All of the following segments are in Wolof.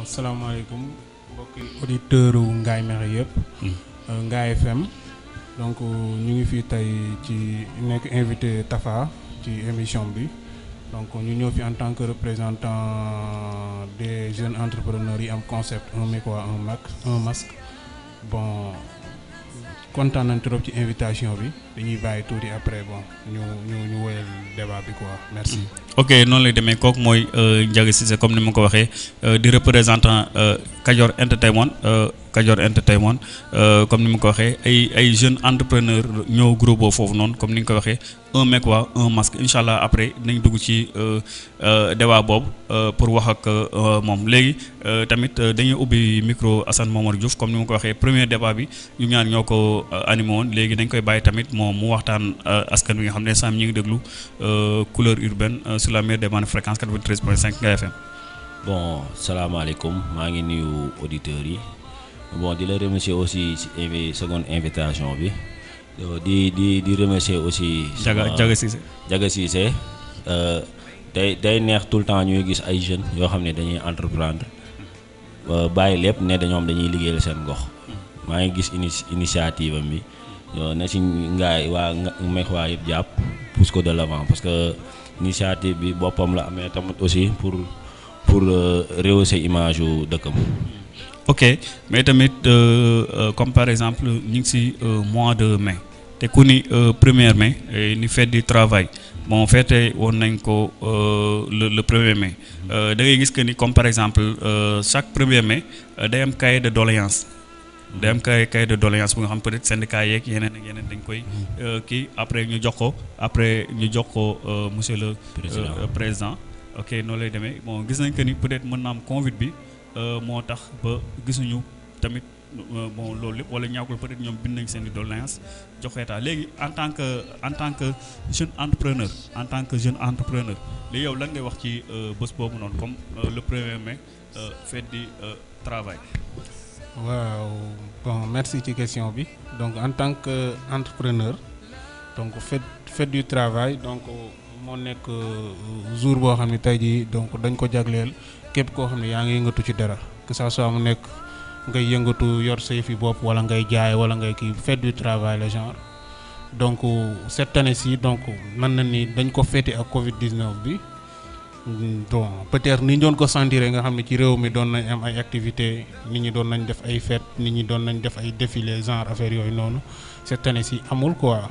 bon salaamaaleykum mbokki auditeurs ngaay Ngaye Mékhé yëpp. Hmm. Euh, Ngaye FM. donc ñu ngi fii tey ci nekk invité Tafa ci émission bi donc ñu ñëw fi en tant que représentant des jeunes entrepreneurs yi am concept un micro un mac un masque bon kontaan nañ trop ci invitation bi dañuy bàyyi tuuti après bon ñu ñu ñu woyal débat bi quoi merci. Hmm. ok noonu lay demee kooku mooy euh, Ndiaga Cissé comme ni ma ko waxee euh, di représentant euh, Kadior Entertainment Kadior Entertainment comme ni ma ko waxee ay ay jeunes entrepreneurs ñoo groupe foofu noonu comme ni nga ko waxee un mec waa un masque incha allah après nañ dugg ci débat boobu pour wax ak moom léegi tamit dañuy ubbi micro Assane Momar Diouf comme ni ma ko waxee premier débat bi ñu ñaar ñoo ko animé léegi dañ koy bàyyi tamit moom mu waxtaan askan bi nga xam ne sam ñi ngi déglu couleur urbaine. sur la meilleure des bandes fréquence 93.5 Ngaye FM. bon salaamaaleykum maa ngi nuyu auditeurs yi bon di la remercier aussi si invi invitation bi euh, di di di remercier aussi. Diaga Diaga Cissé. Diaga Cissé euh, day day neex tout le temps ñuy gis ay jeunes yoo xam ne dañuy entreprendre euh, bàyyi lépp ne dañoom dañuy liggéeyal seen gox. maa ngi gis initiative am bi na si ngaay waa Mekhe waa yëpp jàpp pousse ko de l'avant parce que. initiative bi boppam la amee tamit aussi pour pour euh, rehausser image yu dëkkam. ok mais tamit euh, euh, comme par exemple ñu ngi ci mois de mai te ku ni première mai ni fête du travail bon feete woon nañ ko le le premier mai da ngay gis que ni comme par exemple chaque premier mai day am cahier de doléance day am kay kay de doléance bu nga xam peut être syndicat yeeg yeneen ak yeneen dañ koy mm-hmm. euh, kii après ñu jox ko après ñu jox ko euh, monsieur le euh, président ok noonu lay demee bon gis nañ que ni peut être mën na am convite bi moo tax ba gisuñu tamit bon loolu lépp wala ñaakul peut être ñoom bind nañ seen i doléance jox état léegi en tant que en tant que jeune entrepreneur en tant que jeune entrepreneur léegi yow lan ngay wax ci bés boobu noonu comme le premier mai fête du travail waaw bon merci ci question bi donc en tant que entrepreneur donc fête fête du travail donc moo nekk euh, jour boo xam ne tey jii donc dañ ko jagleel képp koo xam ne yaa ngi yëngatu ci dara que ça soit mu nekk ngay yëngatu yor sa fi bopp wala ngay jaay wala ngay kii fête du travail le genre donc cette année ci donc mën na ni dañ ko féete ak Covid 19 bi. bon peut-être ni ñu doon ko sentir nga xam ne ci réew mi doon nañ am ay activités nit ñi doon nañ def ay fêtes nit ñi doon nañ def ay défilés genre affaire yooyu noonu cette année ci amul quoi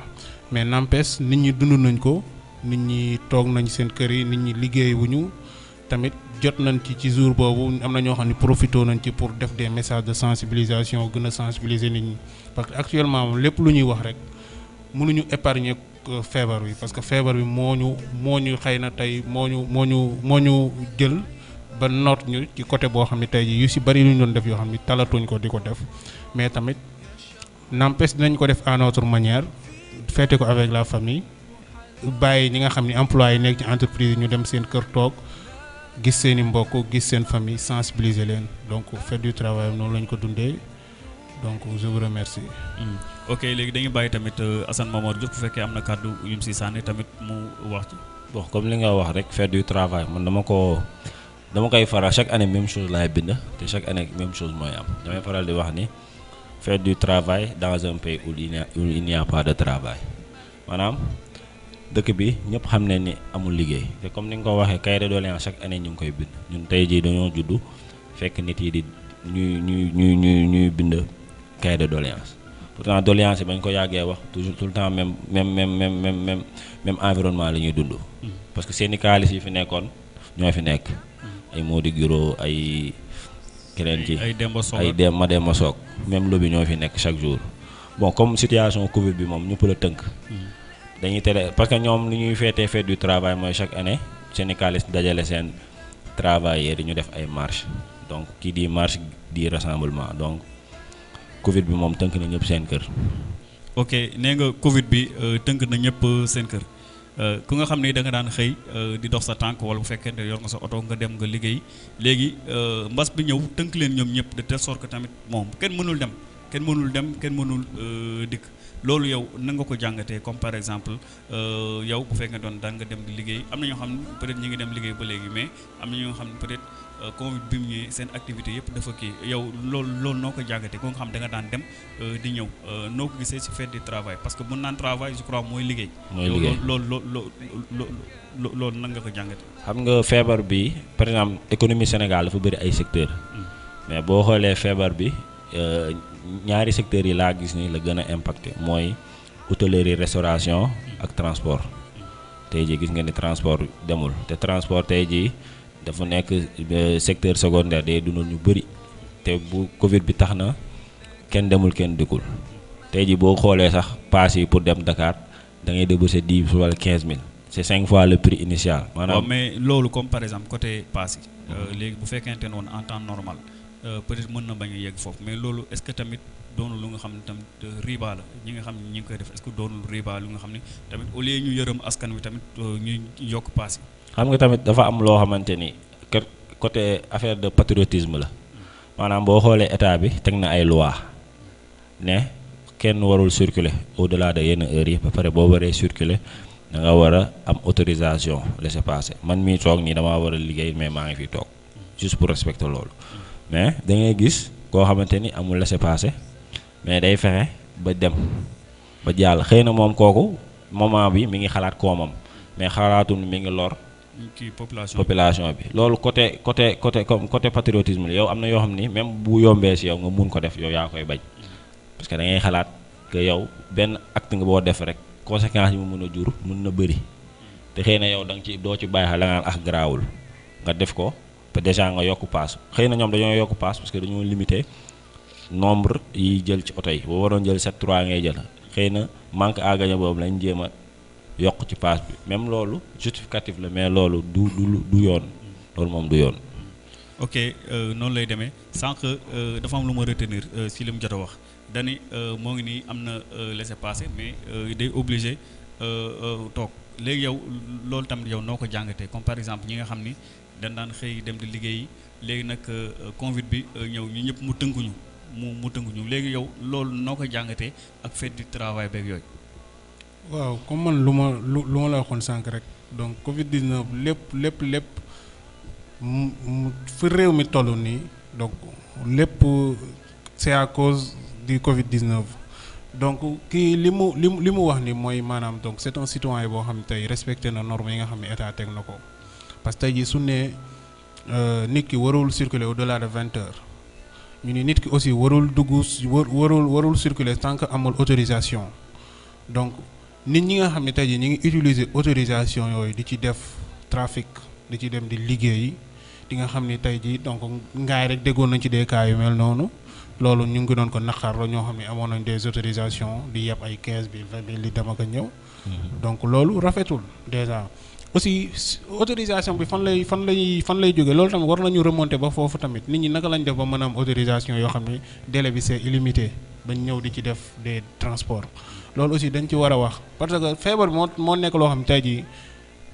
mais n'empêche nit ñi dund nañ ko nit ñi toog nañ seen kër yi nit ñi liggéey wuñu tamit jot nañ ci ci jour boobu am na ñoo xam ne profité nañ ci pour def des message de sensibilisation gën a nit ñi parce que actuellement lépp lu ñuy wax rek mënuñu épargner. Euh, feebar bi parce que feebar bi moo ñu moo ñu xëy na tey moo ñu moo ñu moo ñu jël ba noot ñu ci côté boo xam ne tey jii yu si bëri luñu doon def yoo xam ni talatuñ ko di ko def mais tamit n'empêche dinañ ko def en notre manière feete ko avec la famille bàyyi ñi nga xam ni employé yi nekk ci entreprise ñu dem seen kër toog gis seen i mbokk gis seen famille sensibiliser leen donc fet du travail noonu lañ ko dundee. donc je vous remercie. Hmm. ok léegi dañuy bàyyi tamit euh, Assane Momar Diop bu fekkee am na kàddu yu si sànni tamit mu wax ci. bon comme li nga wax rek fête du travail man dama ko dama koy faral chaque année même chose laay bind te chaque année même chose mooy am damay faral di wax ni fête du travail dans un pays où il n'y pas de travail maanaam dëkk bi ñëpp xam ne ni amul liggéey te comme ni nga ko waxee cahier de doléance chaque année ñu ngi koy bind ñun tey jii dañoo juddu fekk nit yi di ñuy ñuy ñuy ñuy ñuy bind. kay de doléance pourtant doléance bañ ko yàggee wax toujours tout le temps même même même même même même même environnement la ñuy dund. parce que seeni syndicalistes yi fi nekkoon ñoo fi nekk. ay Mody Guiro ay. keneen ci ay dem Sock ay Demba Demba Sock même lobby ñoo fi nekk chaque jour bon comme situation Covid bi moom ñëpp la tënk. dañuy tere parce que ñoom li ñuy feetee fête du travail mooy chaque année syndicaliste dajale seen travailleurs yi ñu def ay marche donc qui dit marche di rassemblement donc. Covid bi moom tënk na ñëpp seen kër. ok nee nga Covid bi euh, tënk na ñëpp euh, seen kër euh, ku nga xam ne da nga daan xëy di dox sa tànk wala bu fekkee ne yor nga sa oto nga dem nga liggéey léegi mbas bi ñëw tënk leen ñoom ñëpp de telle sorte que tamit moom kenn mënul dem kenn mënul dem kenn mënul dikk. loolu yow na nga ko jàngatee comme par exemple euh, yow bu fekkee doon daan dem liggéey am na ñoo xam ne peut-être ñu ngi dem liggéey ba léegi mais am na ñoo xam ne peut-être euh, Covid bi yëpp dafa kii yow loolu loolu noo ko jàngatee ko nga xam da nga daan dem euh, di ñëw noo ko gisee si fête du travail parce que mun naan travail je crois mooy liggéey. mooy liggéey yow loolu loolu loolu nan nga ko jàngatee. xam nga feebar bi par exemple économie Sénégal dafa bëri ay secteurs. Hmm. mais boo xoolee feebar bi. ñaari secteurs yi laa gis ni la gën a impacté mooy hôtellerie restauration ak transport tey jii gis nga ni transport demul te transport tey jii dafa nekk euh, secteur secondaire day dundal ñu bëri te bu Covid bi tax na kenn demul kenn dikkul tey jii boo xoolee sax paas yi pour dem Dakar da ngay débourser dix wala quinze mille c'est cinq fois le prix initial. maanaam mais loolu comme par exemple côté paas yi. Euh, léegi bu fekkente noonu en temps normal. Euh, peut-être mën na bañ a yegg foofu mais loolu est-ce que tamit doonul lu nga xam ne tamit euh, riba la ñi nga xam ne ñi ngi koy def est-ce que doonul riba lu nga xam ne tamit au lieu ñu yërëm askan wi tamit euh, ñu yokk paas xam nga tamit dafa am loo xamante ni kër côté affaire de patriotisme la maanaam boo xoolee état bi teg na ay loi ne kenn warul circuler au-delà de yenn heures yi ba pare boo waree circuler da nga war a am autorisation laissez-passer man mii toog nii damaa war a liggéey mais maa ngi fi toog juste loolu. mais da ngay gis koo xamante ni amul laissez-passer mais day fexe ba dem ba jàll xëy na moom kooku moment bi mi ngi xalaat koomam mais xalaatul mi ngi lor. kii population population bi loolu côté côté côté comme côté patriotisme yow am na yoo xam ni même bu yombee si yow nga mun ko def yow yaa koy bañ parce que da ngay xalaat que yow benn acte nga boo def rek conséquence bi mu mën a jur mun na bëri te xëy na yow da nga ci doo ci bàyyi xel la nga ah, garaawul nga def ko. que déjà nga yokk paas xëy na ñoom dañoo yokk paas parce que dañoo limité nombre yi jël ci oto yi boo waroon jël 7 3 ngay jël xëy na manque à gagner boobu lañ jéem a yokk ci paas bi même loolu justificatif la mais loolu du du du yoon loolu moom du yoon. ok euh, noonu lay demee sànq euh, dafa am lu ma retenir euh, si li mu jot a wax dani moo ngi nii am na laissez-passer mais day obligé toog léegi yow loolu tamit yow noo ko jàngatee comme par exemple ñi nga xam ni. dañ daan xëy dem di liggéeyi léegi nag euh, Covid bi euh, ñëw ñu ñëpp mu tënkuñu mu mu tënkuñu léegi yow loolu noo ko jàngatee ak fête di travail beeg yooyu. waaw comme man lu ma lu lu ma la waxoon sànq rek donc Covid 19 lépp lépp lépp mu fi réew mi toll nii donc lépp c'est à cause du Covid 19. donc kii li mu li mu li mu wax ni mooy maanaam donc c'est un citoyen boo xam tey respecté na normes yi nga xam ne état teg na ko parce que tey jii su ne euh, nit ki warul circuler au delà de vingt heures ñu ni nit ki aussi warul dugg warul warul circuler tant que amul autorisation donc nit ñi nga xam ne tey jii ñu ngi utiliser autorisation yooyu di ci def trafic di ci dem di liggéey di nga xam ni tey jii donc ngaay rek déggoon nañ ci des cas yu mel noonu loolu ñu ngi doon ko la ñoo xam ne amoon nañ des autorisations di yeb ay 15 000 20 000 li dem a ñëw mm-hmm. donc loolu rafetul déjà aussi autorisation bi fan lay fan lay fan lay jógee loolu tamit war nañu remonter ba foofu tamit nit ñi naka lañ def ba mën a am autorisation yoo xam ne délai bi c'est illimité bañ ñëw di ci def des transport loolu aussi dañ ci war a wax parce que feebar bi moo moo nekk loo xam tey jii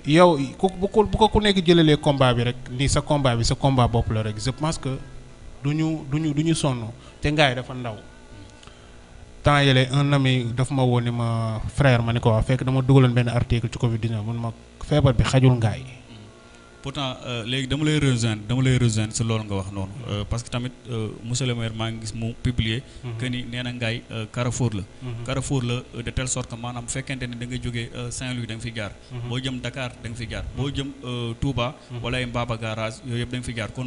yow ku bu ko ko ku nekk jëlalee combat bi rek ni sa combat bi sa combat bopp la rek je pense que du ñu du ñu du ñu sonn te ngaay dafa ndaw. temps yële un ma woo ni ma frère ma ni ko waa fekk dama dugaloon benn article ci Covid 19 mun ma feebar bi xajul ngaay. pourtant euh, léegi dama lay rejoindre dama lay rejoindre si loolu nga wax noonu euh, parce que tamit euh, monsieur maa ngi gis mu publier. Mhm. que ni ngaay Carrefour la. Mhm. Carrefour la de telle sorte que maanaam bu fekkente ne da nga jógee Saint-Louis da nga fi jaar. Mhm. boo jëm Dakar da nga fi jaar boo jëm Touba. wala ay Mbaba garage yooyu yëpp da fi jaar kon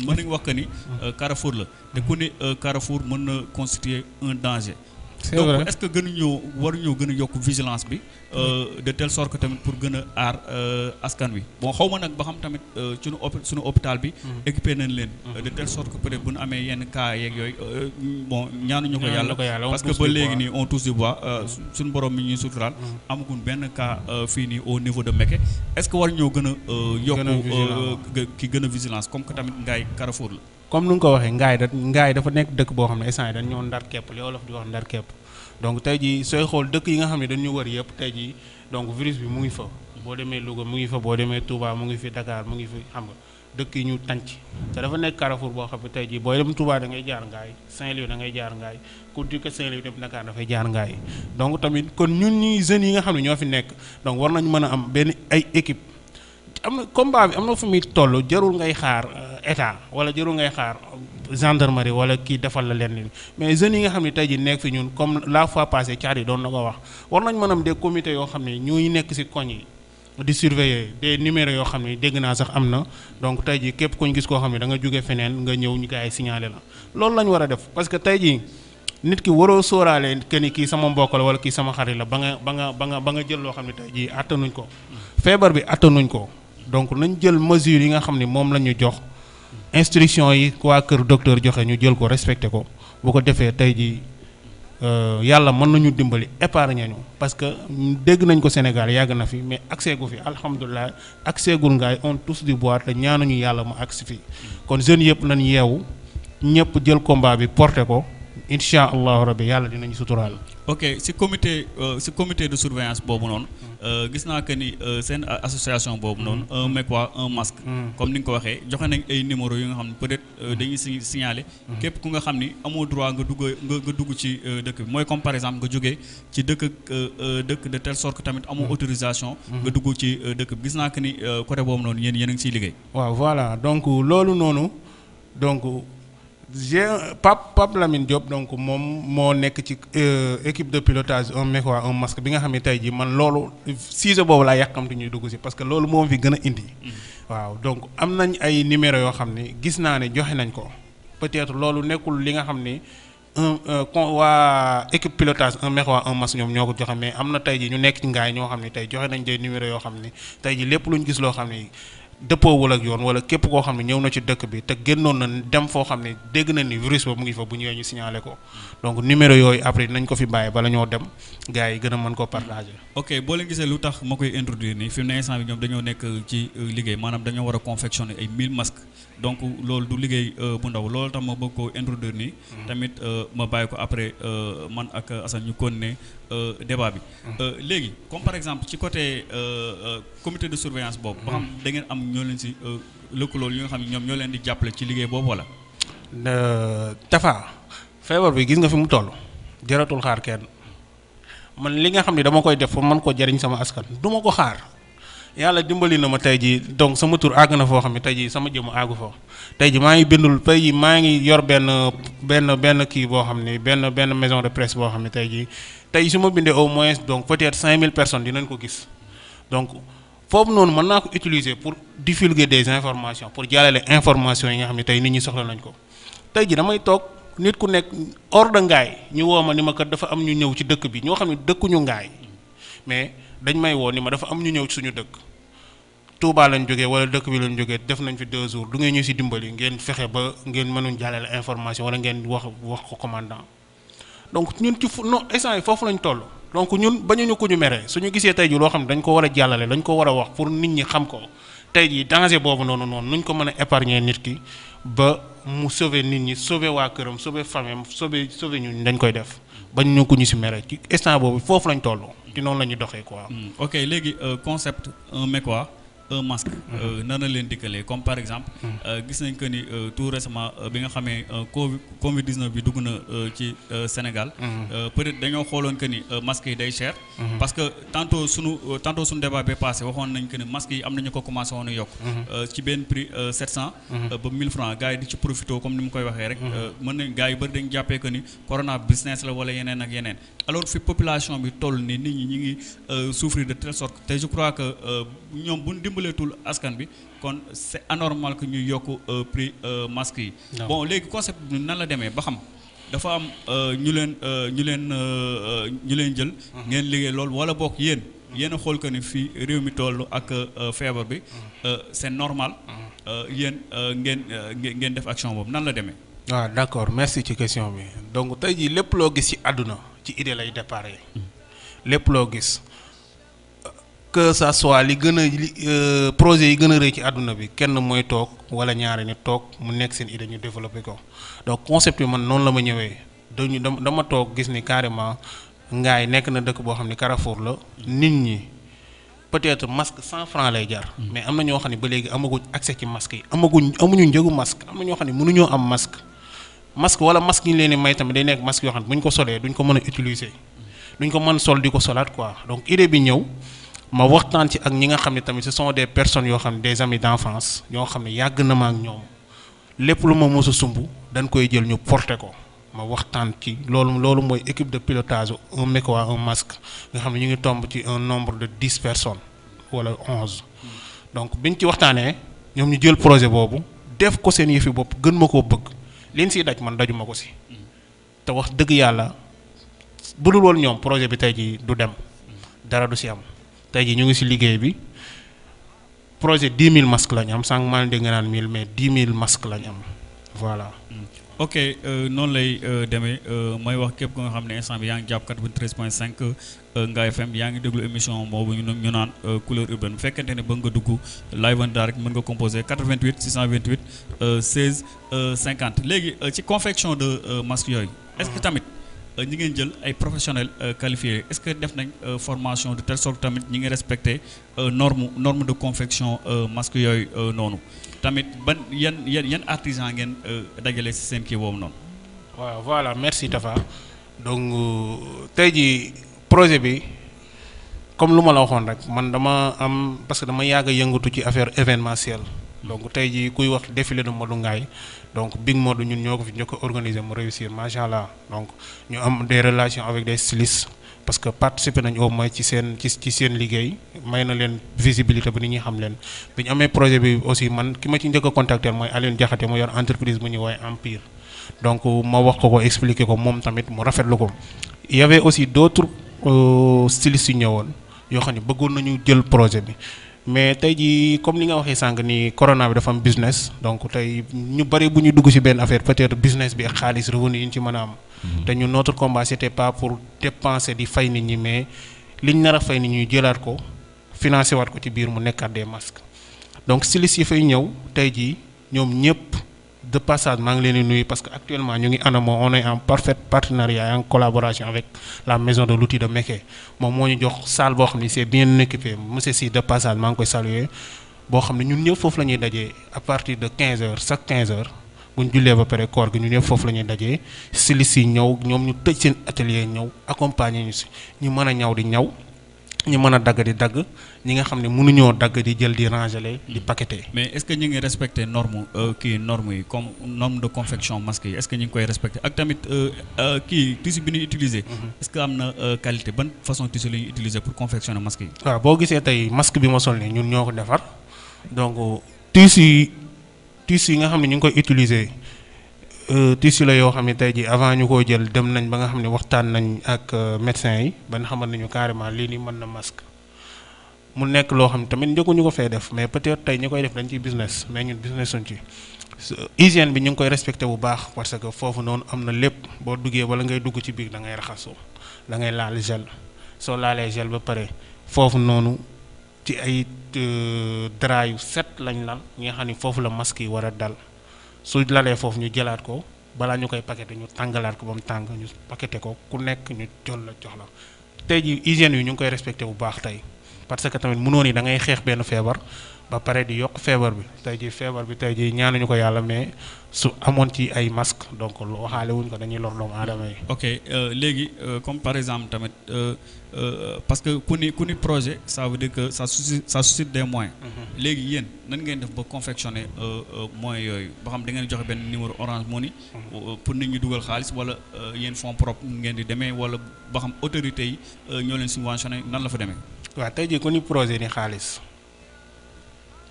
c'est donc vrai. est-ce que gënuñoo waruñoo gën a yokk vigilance bi. Euh, de tell sorte que tamit pour gën a aar euh, askan wi. bon xaw ma nag ba xam tamit sunu euh, sunu hôpital bi. Mhm. équipé nañ leen. Mhm. de telle sorte que peut-être bu ñu amee yenn cas yeeg yooyu bon ñaanuñu ko yàlla. parce que ba léegi nii on touche mhm. suñu borom mi ñuy suturaal. amaguñ benn cas fii nii au niveau de Mekhe est-ce que waruñoo gën a. yokk ki gën a vigilance comme que tamit ngaay Carrefour la. comme nu nga ko waxee ngaay da ngaay dafa nekk dëkk boo xam ne instant yi dañ ñoo ndar képp li olof di wax ndar képp donc tey jii sooy xool dëkk yi nga xam ne dañu yëpp tey jii donc virus bi mu ngi boo demee Louga mu ngi fa boo demee Touba mu ngi fi Dakar mu ngi fi xam nga dëkk yi ñu tànc dafa nekk Carrefour boo xam ne tey jii booy dem Touba da ngay jaar ngaay Saint-Louis da jaar ngaay ku dikk Saint-Louis dem Dakar dafay jaar ngaay donc tamit kon ñun ñii jeunes yi nga xam ne ñoo fi nekk donc war nañ mën a am benn ay équipe am na combat bi am na fu muy toll jarul ngay xaar euh, état wala jarul ngay xaar gendarmerie wala kii defal la leen li mais jeunes yi nga xam ne tey ji nekk fi ñun comme la fois passée caar yi doon na ko wax war nañ mën am des comités yoo xam ne ñooy nekk si koñ yi di surveiller des numéros yoo xam ne dégg naa sax am na donc tey ji képp kuñ gis koo xam ne da nga jóge feneen nga ñëw ñu gars yi la loolu lañ war a def parce que tey ji nit ki waroo sooraalee que ni kii sama mbokk la wala kii sama xarit la ba nga ba nga ba nga ba nga jël loo xam ne tey jii attanuñ ko hmm. feebar bi attanuñ ko donc nañ jël mesure yi nga xam ne moom la ñu jox instruction yi waa kër docteur joxe ñu jël ko respecté ko bu ko defee tey ji euh, yàlla mën nañu dimbali épargne ñu parce que dégg nañ ko Sénégal yàgg na fi mais accès gu fi alhamdulilah accès gul ngaay on tous de boire te ñaanuñu yàlla mu agsi fi kon jeunes yëpp nañ yeewu ñëpp jël combat bi porté ko incha allahu rabbi yàlla dinañu suturaal. ok si comité euh, de surveillance boobu noonu. Euh, gis naa que ni euh, seen association boobu noonu mm. un mecquois un masque mm. comme ni nga ko waxee joxe nañ ay numéro yu nga xam ne peut-être euh, mm. dañuy si signaler képp ku nga xam ni amoo droit nga dugg nga nga dugg ci dëkk bi mooy comme par exemple nga jógee ci dëkk dëkk de telle sorte que tamit amoo autorisation nga dugg ci dëkk bi gis naa que ni côté boobu noonu yéen yéen a ngi siy liggéey waaw voilà donc loolu noonu donc j'ai Pape Pape Lamine Diop donc moom moo nekk ci euh, équipe de pilotage un mec waa un masque bi nga xam ne tey jii man loolu siise boobu laa yàqamti ñuy dugg si parce que loolu moom fi gën a indi. Mm-hmm. waaw donc am nañ ay numéro yoo xam ne gis naa ne joxe nañ ko peut-être loolu nekkul li nga xam ni un euh, con waa équipe pilotage un mec waa un masque ñoom ñoo ko joxe mais am na tey jii ñu nekk ci ngaay ñoo xam ne tey joxe nañ des numéro yoo xam ni tey jii lépp ñu gis loo xam ne. dëppoowul ak yoon wala képp koo xam ne ñëw na ci dëkk bi te génnoon na dem foo xam ne dégg na ni virus ba mu ngi fa bu ñu ñëwee ñu signalé ko donc numéro yooyu après nañ ko fi bàyyi bala ñoo dem gars yi gën a mën koo partagé. ok boo gisee lu tax ma koy introduire nii fi mu ne instant bi ñoom dañoo nekk ci euh, liggéey maanaam dañoo war a confectionner ay 1000 masques. donc loolu du liggéey euh, bu ndaw loolu tax ma bëgg koo introduire nii. Mm-hmm. tamit euh, ma bàyyi ko après euh, man ak Assane ñu continuer débat bi. Mm-hmm. léegi comme par exemple ci côté comité de surveillance boobu. ba xam mm-hmm. da ngeen am ñoo leen si lëkkaloo yi nga xam ne ñoom ñoo leen di jàppale ci liggéey boobu wala. Tafa feebar bi gis nga fi mu toll jaratul xaar kenn man li nga xam ne dama koy def pour man ko jariñ sama askan du ma ko xaar. yàlla dimbali na ma tey jii donc sama tur àgg na foo xam ne tey jii sama jëmm àggu foo tey ji maa ngi bindul tey jii maa ngi yor benn benn benn kii boo xam ne benn benn maison de presse boo xam ne tey jii tey su ma bindee au moins donc peut-être mille personnes dinañ ko gis donc foofu noonu mën naa ko utiliser pour divulguer des informations pour jàllale information yi nga xam ne tey nit ñi soxla nañ ko tey jii damay toog nit ku nekk hors de ngaay ñu woo ma ni ma kat dafa am ñu ñëw ci dëkk bi ñoo xam ne dëkkuñu ngaay mais dañ may woo ni ma dafa am ñu ñëw ci suñu dëkk. Touba lañ jógee wala dëkk bi lañ jógee def nañ fi deux jours du ngeen ñu si dimbali ngeen fexe ba ngeen mënuñ jàllale information wala ngeen wax wax ko commandant donc ñun ci fu non instant yi foofu lañ toll donc ñun bañuñu ko ñu meree suñu gisee tey ji loo xam ne dañ ko war a jàllale dañ ko war a wax pour nit ñi xam ko tey ji danger boobu noonu noonu nuñ ko mën a épargner nit ki ba mu sauver nit ñi sauver waa këram sauver famille am sauver sauver ñun dañ koy def bañ ñu ko ñu si mere ci instant boobu foofu lañ toll. ci noonu la ñuy doxee quoi. Hmm, ok léegi euh, concept un Mécois un masque mm-hmm. euh, nan na leen dikkalee comme par exemple mm-hmm. euh, gis nañ que ni euh, tout récemment bi nga xamee covid bi dugg na ci Sénégal mm-hmm. peut-être dañoo xooloon que ni masque yi day cher parce que sunu tantôt sunu débat bi passé waxoon nañ que ni masque yi am nañu ko commencé woon a yokk ci benn prix 700 ba 1000 francs gars di ci profité comme ni mu koy waxee rek mën nañ gars yi bëri jàppee que ni corona business la wala yeneen ak yeneen alors fi population bi dimbaleetul askan bi kon c'est anormal que ñu yokk euh, prix euh, masque yi bon léegi concept bi nan la demee ba xam dafa am euh, ñu leen ñu leen ñu leen jël ngeen liggéey lool wala bokk yéen yéen xool que ni fii réew mi toll ak feebar bi c'est normal yéen ngeen ngeen def action boobu nan la demee waaw ah, d'accord merci ci question bi donc tey jii lépp loo gis ci àdduna ci idée lay déparé mmh. lépp loo gis que ça soit li gën a li euh, projet yi gën a rëy ci àdduna bi kenn mooy toog wala ñaari nit toog mu nekk seen idée ñu développé ko donc concept bi man noonu la ma ñëwee dañu dama toog gis ni carrément ngaay nekk na dëkk boo xam ne Carrefour la nit ñi peut-être masque cent franc lay jar. Mm. mais am na ñoo xam ne ba léegi amaguñ accès ci masque yi amaguñ amuñu njëgu masque am na ñoo xam ne mënuñoo am masque masque wala masque yi ñu leen di may tamit day nekk masque yoo xam ne bu ñu ko solee duñ ko mën a utiliser mm. ko mën sol di ko solaat quoi donc idée bi ñëw. ma waxtaan ci ak ñi nga xam ne tamit ce sont des personnes yoo xam ne des amis d'enfance ñoo xam ne yàgg na ma ak ñoom lépp lu ma mos sumb dañ koy jël ñu porté ko ma waxtaan ci loolu loolu mooy équipe de pilotage un Mekowa un masque nga xam ne ñu ngi tomb ci un nombre de dix personnes wala onze. donc biñ ci waxtaanee ñoom ñu jël projet boobu def ko seen yëfi bopp gën ma koo bëgg lin siy daj man dajuma ko si. te wax dëgg yàlla bu dul woon ñoom projet bi tey jii du dem dara du si am. tey ñu ngi si liggéey bi projet 10 000 masques la ñu am sànq maa ngi dégg naan mille mais 10 000 am voilà. Mm. ok euh, noonu lay euh, demee euh, mooy wax képp ko nga xam ne instant bi yaa ngi jàpp 93 point cinq Ngaye FM yaa ngi déglu émission boobu ñu ñu naan couleur urbaine bu fekkente ne ba nga dugg live en direct mën nga composé 88 628 16 cinquante léegi ci confection de masques yooyu. est-ce Euh, ñi ngeen jël ay professionnels euh, qualifiés est-ce que def nañ euh, formation de telle sorte tamit ñi ngi respecté norme norme de confection masque yooyu noonu tamit ban yan yan yan artisan ngeen dajale système kii boobu noonu. waaw voilà merci Tafa donc tey jii projet bi comme lu ma la waxoon rek man dama am parce que dama yàgg a yëngatu ci affaire événementielle. donc tey jii kuy wax défilé de Modou Ngaye donc Big Modou ñun ñoo ko fi njëkk a organiser mu réussir macha allah donc ñu am des relations avec des stylistes parce que participer nañ au moins ci seen ci ci seen liggéey may na leen visibilité ba ni ñuy xam leen bi ñu amee projet bi aussi man ki ma ci njëkk a mooy Alioune Diakhaté mu yor entreprise bu ñuy woowee Empire donc ma wax ko ko expliquer ko moom tamit mu rafetlu ko il y avait aussi d' autres euh, stylistes yu yoo xam ne bëggoon nañu jël projet bi. mais tey jii comme ni nga waxee sànq ni corona bi dafa am business donc tey ñu bëri bu ñu dugg ci benn affaire peut-être business bi ak xaalis revenu yi ñu ci mën a am. Mhm. te ñun notre combat c'était pas pour dépenser di fay nit ñi mais liñ nar a fay nit ñuy jëlaat ko financé waat ko ci biir mu nekkaat des masques donc stylistes yi fay ñëw tey jii ñoom ñëpp. de passage maa ngi leen di nuyu parce que actuellement ñu ngi ANAMO on est en parfait partenariat en collaboration avec la maison de l'outil de Mekke moom moo ñu jox salle boo xam ne c'est bien équipé monsieur si de passage maa ngi koy saluer boo xam ne ñun ñëpp foofu lañuy ñuy dajee à de 15 heures chaque 15 heures bu ñu jullee ba pare koor gi ñun ñëpp foofu la dajee si li si ñëw ñoom ñu tëj seen atelier ñëw accompagner ñu si ñu mën a ñaw di ñaw. ñi mën a dagg di dagg ñi nga xam ne mënuñoo dagg di jël di rangeler di paqueter. mais est-ce ngi respecté norme euh, kii norme yi comme norme de confection masque yi est-ce ngi koy respecté ak tamit euh, euh, kii tissu bi ñuy utiliser. Mhm. est am na qualité ban façon tissu la ñuy utiliser pour confectionner masque yi. waaw boo gisee tey masque bi ma sol nii ñun ñoo ko defar donc tissu tissu yi nga xam ne ñu ngi koy utiliser. Euh, tissu la yoo xam ne tey jii avant ñu koo jël dem nañ ba nga xam ne waxtaan nañ ak euh, médecin yi ba nga xamal nañu carrément lii nii mën na masque mu nekk loo xam ne tamit ñu ko fee def mais peut-être tey ñu koy def dañ ciy business mais ñun business suñ ci hygiène bi ñu ngi koy respecté bu baax parce que foofu noonu am na lépp boo duggee wala ngay dugg ci biir da ngay raxasoo da ngay laal gel soo laalee gel ba pare foofu noonu ci ay euh, dra yu set lañ lal ñi nga xam ne foofu la masque yi war a dal. su lalee foofu ñu jëlaat ko balaa ñu koy paqueté ñu tàngalaat ko ba mu tàng ñu paqueté ko ku nekk ñu jon la jox la tey ji hygiène yi ñu ngi koy respecté bu baax tey parce que tamit mënoon yi da ngay xeex benn feebar ba pare di yokk feebar bi tey jii feebar bi tey jii ñaanuñu ko yàlla mais su amoon ci ay masque donc waxaale wuñ ko dañuy lor doomu aadama yi. ok euh, léegi euh, comme par exemple tamit euh, parce que ku ni ku ni projet ça veut dire que sa su ça suscite des moyens. Mhm. léegi yéen nan ngeen def ba confectionner moyens yooyu ba xam da ngeen joxe benn numéro Orange Money. Mhm. pour nit ñi dugal xaalis wala yéen fonds propre ngeen di demee wala ba xam autorités yi ñoo leen subventionné nan la fa demee. waaw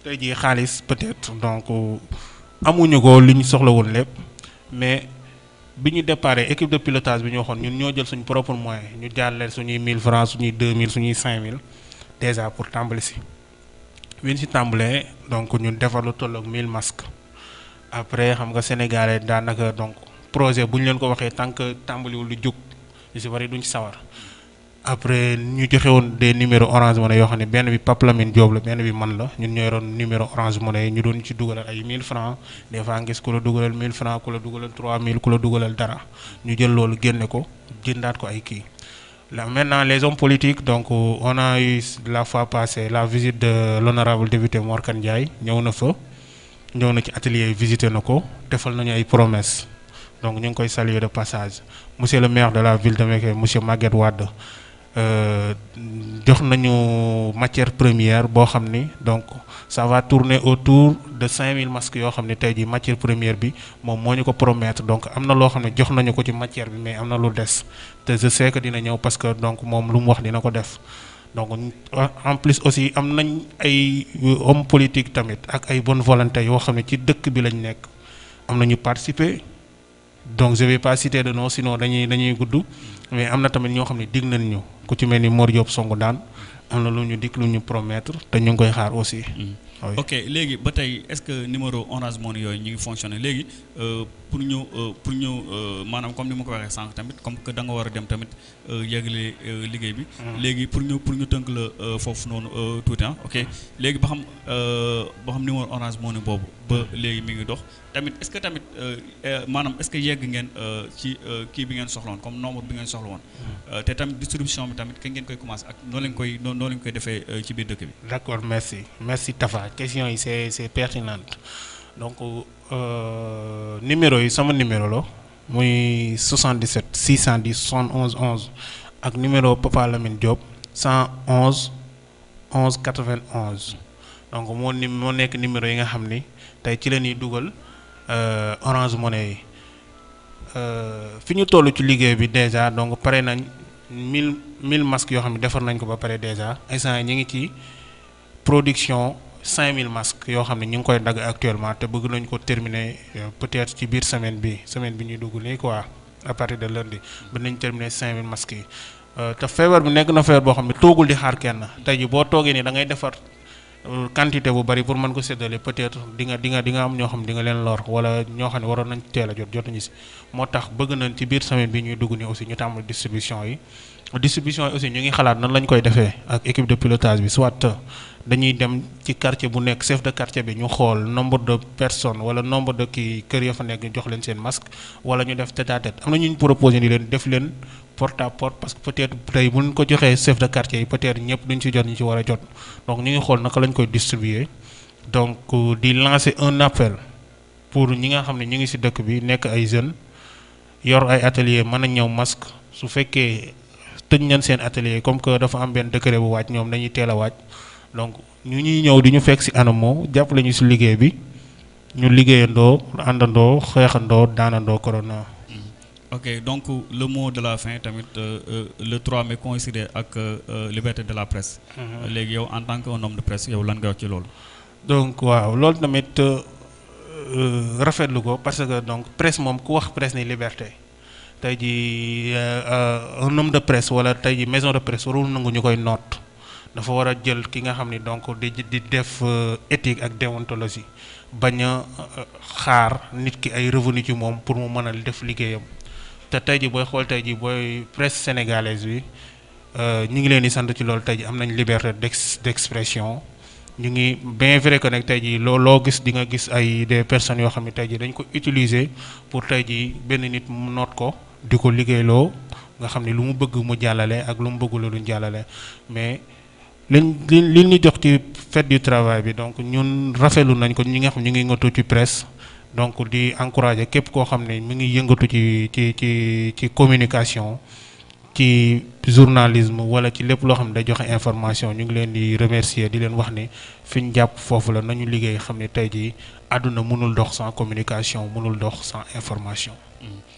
tey jii xaalis peut-être donc amuñu ko li ñu soxla woon lépp mais bi ñu départ équipe de pilotage bi ñu waxoon ñun ñoo jël suñu propre moyen ñu jàllale suñuy 1000 francs suñuy 2000 suñuy 5000 déjà pour tàmbali si bi ñu si tàmbalee donc ñun defar lu tolloog 1000 masques après xam nga sénégalais daanaka donc projet bu ñu leen ko waxee tant que tàmbaliwul lu jóg ñu si bari duñ sawar. après ñu joxe woon des numéros orange yoo xam ne benn bi Pape Lamine Diop la benn bi man la ñu ñooy doon numéro orange money ñu doon ci dugalal ay 1000 francs des fois ngis ku la dugalal 1000 francs ku la dugalal 3000 ku la dugalal dara ñu jël loolu génne ko jëndaat ko ay kii. Là, maintenant, les politique politiques, donc, euh, on a eu la fois passée la visite de l'honorable député Morkan Ndiaye, ñëw na fa ñëw na ci atelier visité na ko defal nañu ay promesses donc ñu ngi koy saluer de passage monsieur le maire de la ville de Mékhé monsieur Euh, jox nañu matière première boo xam ni donc ça va tourner autour de mille masques yoo xam ne tey jii matière première bi moom moo ñu ko promettre donc am na loo xam ne jox nañu ko ci matière bi mais am na lu des te je sais que dina ñëw parce que donc moom lu mu wax dina ko def donc en plus aussi am nañ ay homme politique tamit ak ay bonne volonté yoo xam ne ci dëkk bi lañ nekk am na ñu participer donc je vais pas citer de nom sinon dañuy dañuy gudd. mais am na tamit ñoo xam ne dig nañ ñu ku ci mel ni moor Diop songu daan am na lu ñu dig lu ñu promettre te ñu ngi koy xaar aussi. Mm. ok léegi ba tey est-ce que numéro Orange yooyu ñu ngi fonctionné léegi euh, pour ñu euh, pour ñu euh, maanaam comme ni ma ko waxee sànq tamit comme que da war a dem tamit yégle liggéey bi. Mm. léegi pour ñu pour ñu tënk la foofu noonu tout le temps ok mm. léegi ba xam ba xam numéro Orange Money boobu. ba léegi mi ngi dox tamit est-ce que tamit euh, euh, maanaam est-ce que yegg ngeen euh, ci kii bi ngeen soxla woon comme nombre bi ngeen soxla woon hmm. te tamit distribution bi tamit kañ ngeen koy commencer ak noo leen koy noo leen koy defee ci biir dëkk bi. d'accord merci merci Tafa question yi c'est c'est pertinente donc euh, numéro yi sama numéro la muy 77 610 71 11 ak numéro Papa Lamine Diop 111 11 91 donc moo ni moo nekk numéro yi nga xam ni. tey ci leen ñuy dugal euh, Orange Money yi euh, fi ñu toll ci liggéey bi déjà donc pare nañ mille mille masques yoo xam ne defar nañ ko ba pare déjà instant ñu ngi ci production cinq mille masques yoo xam ne ñu ngi koy dagg actuellement te bëgg nañ ko terminer euh, peut-être ci biir semaine bi semaine bi ñuy dugg nii quoi à de lundi ba nañ terminer cinq mille masques yi te feebar bi nekk na feebar boo xam ne toogul di xaar kenn tey ji boo toogee nii da ngay defar. Euh, quantité bu bari pour mën ko séddale peut-être di nga di nga am ñoo xam di nga leen lor wala ñoo xam ne waroon nañ teel a jot jotuñu si moo tax bëgg nañ ci biir semaine bi ñuy dugg ni aussi ñu tàmbali distribution yi distribution yi aussi ñu ngi xalaat nan lañu koy defee ak équipe de pilotage bi soit dañuy dem ci quartier bu nekk chef de quartier bi ñu xool nombre de personnes wala nombre de kii kër ya fa nekk ñu jox leen seen masque wala ñu def tête à am na ñu ñu proposé ni leen def leen porte à porte parce que peut-être tey bu ñu ko joxee chef de quartier yi peut-être ñëpp duñ ci jot ñu ci war a jot donc ñu ngi xool naka lañ koy distribuer donc euh, di lancer un appel pour ñi nga xam ne ñu ngi ci dëkk bi nekk ay jeunes yor ay atelier mën a ñëw masque su fekkee tëj nañ seen atelier comme que dafa am benn décret bu wàcc ñoom lañuy teel a wàcc donc ñu ñuy ñëw di ñu fekk ci anamo jàppale ñu ci liggéey bi ñu liggéeyandoo àndandoo xeexandoo daanandoo corona. ok donc le mot de la fin tamit euh, euh, le 3 mai coïncidé ak euh, liberté de la presse. Mhm. léegi yow en tant que un homme de presse yow lan nga wax ci loolu. donc waaw lool tamit rafetlu ko parce que donc presse moom ku wax presse ni liberté tey jii un de presse wala tey jii maison de presse warul nangu ñu koy noot dafa war a jël ki nga xam ni donc di di def éthique ak déontologie bañ a xaar nit ki ay revenu ci moom pour mu mën a def liggéeyam. te tey ji booy xool tey ji booy presse sénégalaise bi euh, ñu ngi leen di sant ci loolu tey ji am nañ liberté d'ex d'expression ñu ngi bien vrai que nag tey jii loo loo gis di nga gis ay des personnes yoo xam ne tey jii dañ ko utiliser pour tey jii benn nit mu noot ko di ko liggéeyloo nga xam ne lu mu bëgg mu jàllale ak lu mu bëggul lu jàllale mais liñ li li ñu jox ci fet du travail bi donc ñun rafetlu nañ ko ñi nga xam ñu ngi ngotoo ci presse. donc di encourager képp koo xam ne mi ngi yëngatu ci ci ci ci communication ci journalisme wala ci lépp loo xam ne day joxe information ñu ngi leen di remercier di leen wax ni fi ñu jàpp foofu la nañu liggéey xam ni tey jii àdduna mënul dox sans communication mënul dox sans information. Mm.